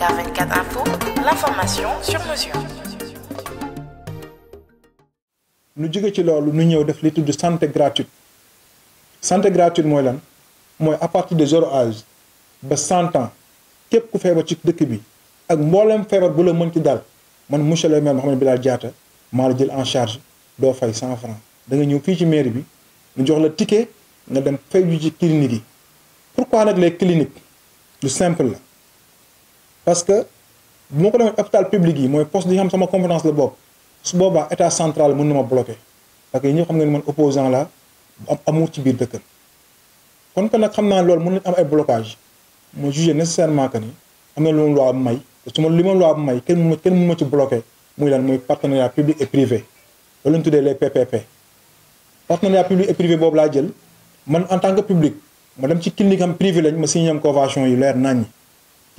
K24 Info, l'information sur mesure. Nous jóge ci loolu def santé gratuite santé gratuite mooy à partir de zéro âge ba 100 ans képp ku feebar ci dëkk bi ak mbooleem feebar bu la mën ci man monsieur le en charge doo francs da nga ñëw fii ci ticket nga dem clinique pourquoi les cliniques lu simple parce que mon ma ko hôpital public yi mooy poste yi ma xam sama compétence ce bob su boobaa état central mon nom ma bloqué parce que ñëpp xam ngeen man opposant la am amour ci biir dëkk kon que nag xam naa loolu mën na am ay blocage moi jugé nécessairement que ni am na lu loi may su ma li ma loi may kenn mu kenn mu ma ci bloqué muy lan muy partenariat public et privé loolu ñu les PPP partenariat public et privé bob laa jël man en tant que public ma dem ci clinique am privé lañ ma signé am convention il est nani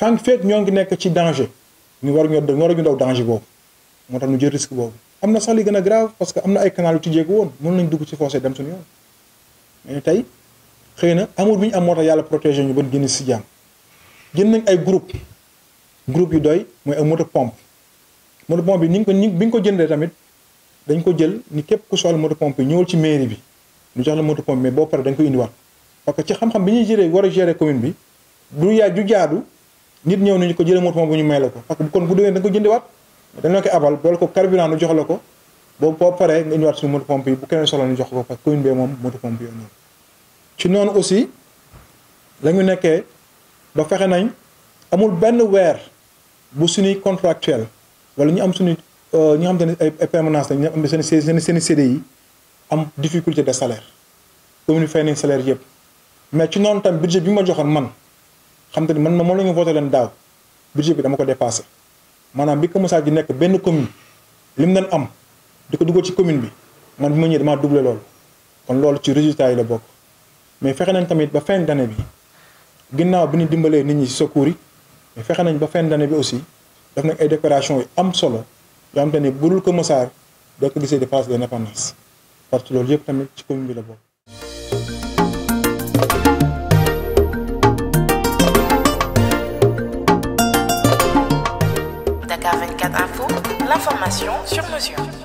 fànn feeg ñoo ngi nekk ci danger ñu war ñoo war ñu daw danger boobu moo tax ñu jël risque boobu am na sax li gën a grave parce que am na ay canal yu tijjeeku woon mën nañ dugg ci fossé dem suñu yoon mais tey xëy na amour bi ñu am moo tax yàlla protége ñu ba génn si jaan jën nañ ay groupe groupe yu doy mooy ay moto pompe moto pompe bi ni nga ko ni bi nga ko jëndee tamit dañ ko jël ni képp ku soxla moto pompe yi ñëwal ci mairie bi lu jox la moto pompe mais boo dañ ko indiwaat parce que ci xam bi ñuy gérer war a gérer commune bi du yaay du jaadu nit ñëw nañu ko jële moto moom bu ñu may la ko parce que kon bu déwénee da nga ko jëndiwaat dañ la koy abal boole ko carburant nu jox la ko boobu boo paree nga indiwaat suñu moto pompe yi bu keneen soxla ñu jox ko parce que commune bee moom moto pompe yooyu ci noonu aussi la ñu nekkee ba fexe nañ amul benn weer bu suñuy contractuel wala ñu am suñu euh, ñi xam te ne ay permanence lañ ñu am seen seen seen CDI am difficulté de salaire commune fay nañ salaire yëpp mais ci noonu tam budget bi ma joxoon man xam te ni man ma moom la ñu voté leen daaw budget bi dama ko dépassé maanaam bi Kër Massar gi nekk benn commune li mu doon am di ko dugal ci commune bi man bi ma ñëwee damaa doublé loolu kon loolu ci résultat yi la bokk mais fexe nañ tamit ba fin d'année bi ginnaaw bi ñu dimbalee nit ñi ci sa yi mais fexe nañ ba fin d'année bi aussi def nañ ay décoration yu am solo yoo xam te ni budul Kër Massar doo ko gisee de de l'indépendance parce que loolu yëpp ci commune bi la bokk. Dakar 24 Info, l'information sur mesure.